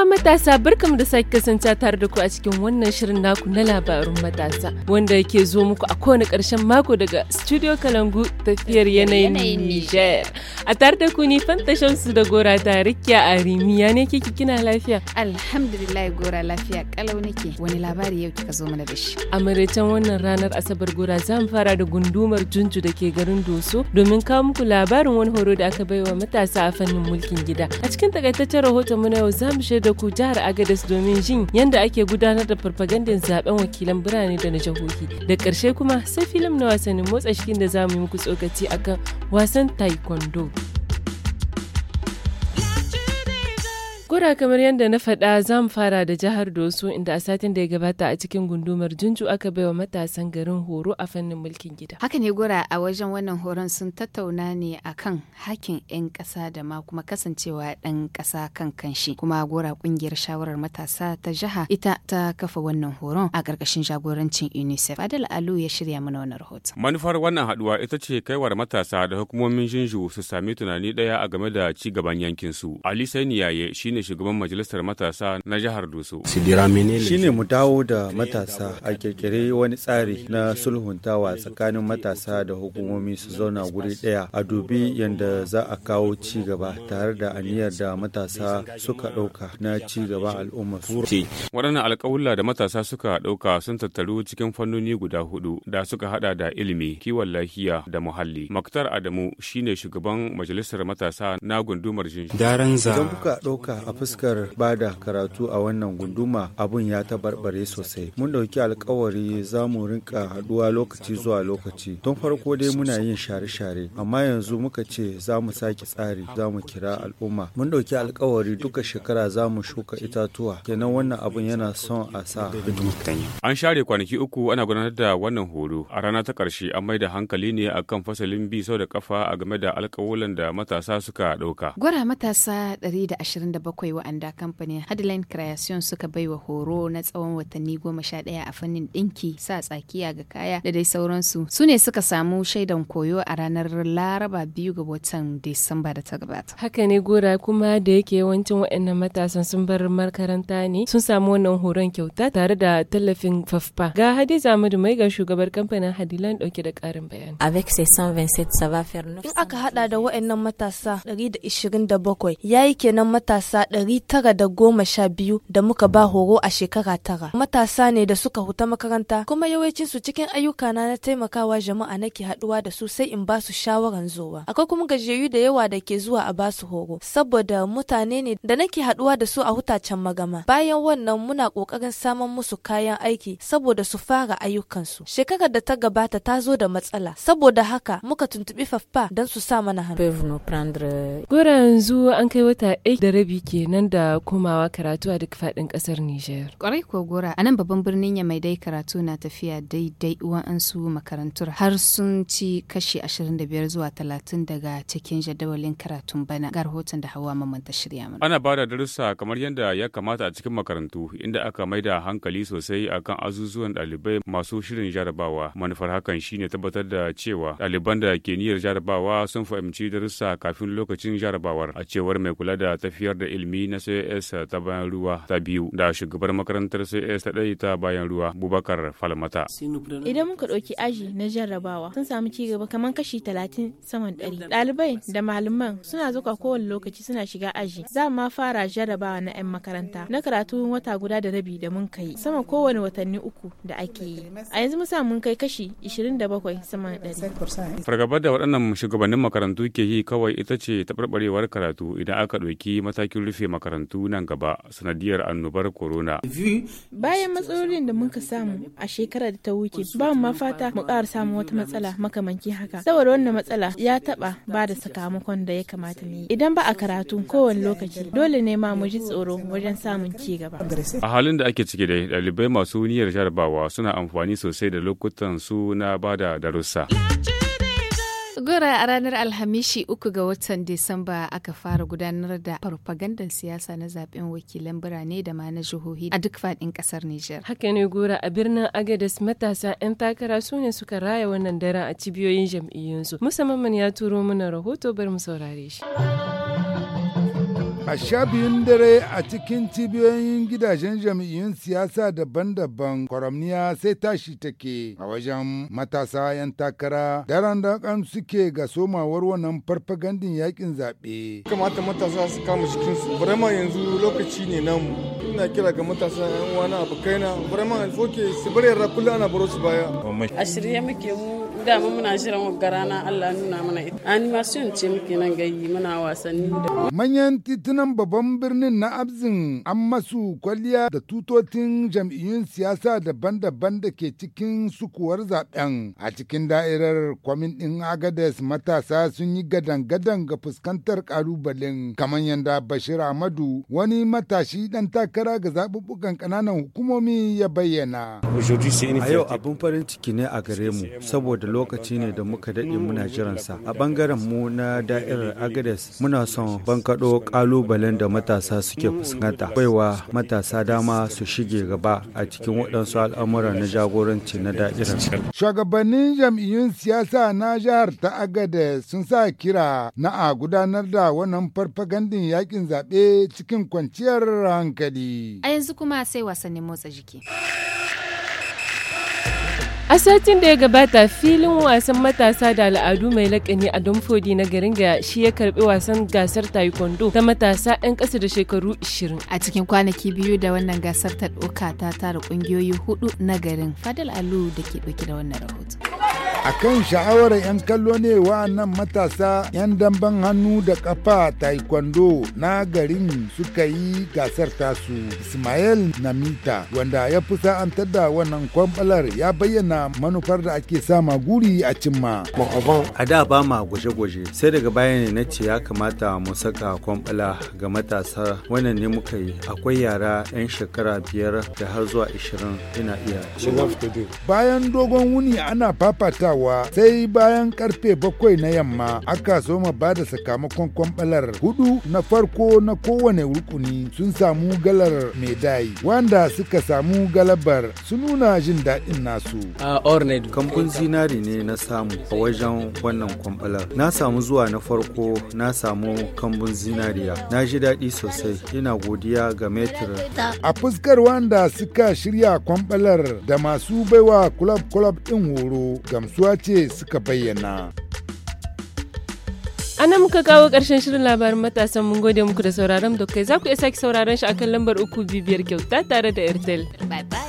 uwa matasa barkamu da sake kasance tare da ku a cikin wannan shirin naku na labarun matasa wanda yake zo muku a kowane karshen mako daga Studio Kalangu tafiyar yanayin Niger. A tare da ku ni fanta shamsu da gora ta rikya a rimiya ne kiki kina lafiya. Alhamdulillah gora lafiya kalau nake wani labari yau kika zo mana da shi. A maraicen wannan ranar Asabar gora za mu fara da gundumar Junju da ke garin Doso domin kawo muku labarin wani horo da aka baiwa matasa a fannin mulkin gida. A cikin takaitaccen rahoton mu na yau za mu da ku jihar Agadez domin jin yadda ake gudanar da farfagandin zaben wakilan birane da na jihohi. Da ƙarshe kuma sai filin na wasannin motsa cikin da za mu yi muku tsokaci akan wasan taekwondo. Kura kamar yadda na faɗa za mu fara da jihar Doso inda a satin da ya gabata a cikin gundumar Junju aka baiwa matasan garin horo a fannin mulkin gida. Haka ne gora a wajen wannan horon sun tattauna ne a kan hakin 'yan ƙasa da ma kuma kasancewa ɗan ƙasa kan kanshi. Kuma gora ƙungiyar shawarar matasa ta jiha ita ta kafa wannan horon a ƙarƙashin jagorancin UNICEF. Adal Alu ya shirya mana wannan rahoton. Manufar wannan haɗuwa ita ce kaiwar matasa da hukumomin Jinju su sami tunani ɗaya a game da ci gaban yankin su Ali Sani yaye shine shine shugaban majalisar matasa na jihar Doso. Shine mu dawo da matasa a kirkire wani tsari na sulhuntawa tsakanin matasa da hukumomi su zauna guri daya. a dubi yadda za a kawo ci gaba tare da aniyar da matasa suka ɗauka na ci gaba al'ummar Waɗannan alƙawulla da matasa suka ɗauka sun tattaru cikin fannoni guda hudu da suka hada da ilimi, kiwon lafiya da muhalli. Maktar Adamu shine shugaban majalisar matasa na gundumar Jinji. Idan kuka dauka a fuskar bada karatu a wannan gunduma abun ya tabarbare sosai mun dauki alkawari za mu rinka haduwa lokaci zuwa lokaci tun farko dai muna yin share-share amma yanzu muka ce za mu sake tsari za mu kira al'umma mun dauki alkawari duka shekara za mu shuka itatuwa kenan wannan abun yana son a sa an share kwanaki uku ana gudanar da wannan horo a rana ta karshe an mai da hankali ne akan fasalin bi sau da kafa a game da alkawulan da matasa suka dauka gwara matasa 127 bakwai wa'anda kamfanin Headline Creation suka bai wa horo na tsawon watanni goma sha ɗaya a fannin ɗinki sa tsakiya ga kaya da dai sauransu. Su ne suka samu shaidan koyo a ranar Laraba biyu ga watan Disamba da ta gabata. Haka ne gora kuma da yake yawancin waannan matasan sun bar makaranta ne sun samu wannan horon kyauta tare da tallafin faffa. Ga Hadiza Ahmadu mai ga shugabar kamfanin headline ɗauke da ƙarin bayani. Avec ces 127 ça va In aka hada da waɗannan matasa 127 yayi kenan matasa tara da goma sha biyu da muka ba horo a shekara tara. Matasa ne da suka huta makaranta kuma yawancin su cikin ayyuka na na taimakawa jama'a nake haɗuwa da su sai in ba su shawaran zowa. Akwai kuma gajiyayyu da yawa da ke zuwa a ba su horo saboda mutane ne da nake haɗuwa da su a hutacen magama. Bayan wannan muna kokarin saman musu kayan aiki saboda su fara ayyukansu. Shekarar da ta gabata ta zo da matsala saboda haka muka tuntubi faffa don su sa mana hannu. Gurin yanzu an kai wata ɗaya da rabi ke kenan da komawa karatu a duk faɗin ƙasar Nijar. Kwarai ko gora a nan babban birnin ya mai dai karatu na tafiya daidai wa'ansu makarantar har sun ci kashi 25 zuwa 30 daga cikin jadawalin karatun bana ga rahoton da hawa mamman ta shirya mana. Ana bada da darussa kamar yadda ya kamata a cikin makarantu inda aka mai da hankali sosai akan azuzuwan ɗalibai masu shirin jarabawa. Manufar hakan shine tabbatar da cewa ɗaliban da ke niyyar jarabawa sun fahimci darussa kafin lokacin jarabawar a cewar mai kula da tafiyar da ilimi na cs ta bayan ruwa ta biyu da shugabar makarantar cs ta ɗaya ta bayan ruwa bubakar falmata idan muka ɗauki aji na jarrabawa sun samu ci gaba kamar kashi talatin saman ɗari ɗalibai da malaman suna zuka kowane lokaci suna shiga aji za ma fara jarrabawa na 'yan makaranta na karatu wata guda da rabi da mun kai sama kowane watanni uku da ake yi a yanzu mun mun kai kashi 27 saman ɗari. fargabar da waɗannan shugabannin makarantu ke yi kawai ita ce taɓarɓarewar karatu idan aka ɗauki matakin rufe makarantu nan gaba sanadiyar annobar corona. Bayan matsalolin da muka samu a shekarar da ta wuce ba mu mafata mu ƙara samun wata matsala makamanki haka. Saboda wannan matsala ya taɓa ba da sakamakon da ya kamata mu Idan ba a karatu kowane lokaci dole ne ma mu ji tsoro wajen samun ci gaba. A halin da ake ciki dai ɗalibai masu niyyar jarabawa suna amfani sosai da lokutan su na bada darussa. Gora a ranar Alhamishi uku ga watan Disamba aka fara gudanar da farfagandar siyasa na zaben wakilan birane da ma na jihohi a duk faɗin ƙasar Nijar. Haka ne Gora a birnin Agadez matasa 'yan takara su ne suka raya wannan daren a cibiyoyin jam'iyyunsu. Musamman ya turo mana rahoto bar mu saurare shi. A sha dare a cikin cibiyoyin gidajen jam'iyyun siyasa daban-daban kwaramniya sai tashi take a wajen matasa 'yan takara daren da kan suke ga somawar wannan farfagandin yakin zaɓe. Kamata matasa su kama jikinsu, burama yanzu lokaci ne namu. Ina kira ga matasa 'yan abokai na, burama yanzu ke su bari yarda kullum ana baro su baya. A shirye muke mu dama muna shirin wa garana Allah nuna mana ita. animasiyon ce muke nan gayi muna wasanni da Manyan titunan babban birnin na Abzin an masu kwalliya da tutotin jam'iyyun siyasa daban-daban da ke cikin sukuwar zaɓen A cikin da'irar kwamin ɗin Agades matasa sun yi gadan-gadan ga fuskantar ƙalubalen kamar yadda Bashir Ahmadu wani matashi ɗan takara ga zaɓuɓɓukan ƙananan hukumomi ya bayyana. A yau abin farin ciki ne a gare mu saboda lokaci ne da muka daɗe muna jiransa. A ɓangaren mu na da'irar Agades muna son bankaɗo ƙalubalen da matasa suke fuskanta baiwa matasa dama su shige gaba a cikin waɗansu al'amura na jagoranci na da'ira. Shugabannin jam'iyyun siyasa na jihar ta Agade sun sa kira na a gudanar da wannan farfagandin yakin zaɓe cikin kwanciyar hankali. A yanzu kuma sai wasannin motsa jiki. A satin da ya gabata filin wasan matasa da al'adu mai lakani a Domfodi na garin ga shi ya karbi wasan gasar taekwondo ta matasa 'yan ƙasa da shekaru 20. A cikin kwanaki biyu da wannan gasar ta ɗauka ta tara ƙungiyoyi hudu na garin Fadal Alu da ke ɗauki da wannan rahoton. a kan sha'awar 'yan kallo ne nan matasa 'yan damben hannu da kafa taekwondo na garin suka yi gasar tasu ismail namita wanda ya fi sa'antar da wannan kwamfalar ya bayyana manufar da ake sa maguri a cimma a da ba ma gwaje-gwaje sai daga bayan ne na ce ya kamata mu saka kwamfala ga matasa wannan ne muka yi akwai yara 'yan shekara biyar da har zuwa 20 ina iya bayan dogon wuni ana fafata kammalawa sai bayan karfe bakwai na yamma aka soma ba da sakamakon kwambalar hudu na farko na kowane rukuni sun samu galar medai wanda suka samu galabar su nuna jin daɗin nasu. A Orned kamfun zinari ne na samu a wajen wannan kwambalar. Na samu zuwa na farko na samu kambun zinariya. Na ji daɗi sosai ina godiya ga metra. A fuskar wanda suka shirya kwambalar da masu baiwa kulab-kulab ɗin horo gamsu cutuwa ce suka bayyana. ana muka kawo ƙarshen shirin labarin matasan mun gode muku da sauraron da kai za ku iya sake sauraron shi akan lambar uku bibiyar kyauta tare da airtel. Bye bye.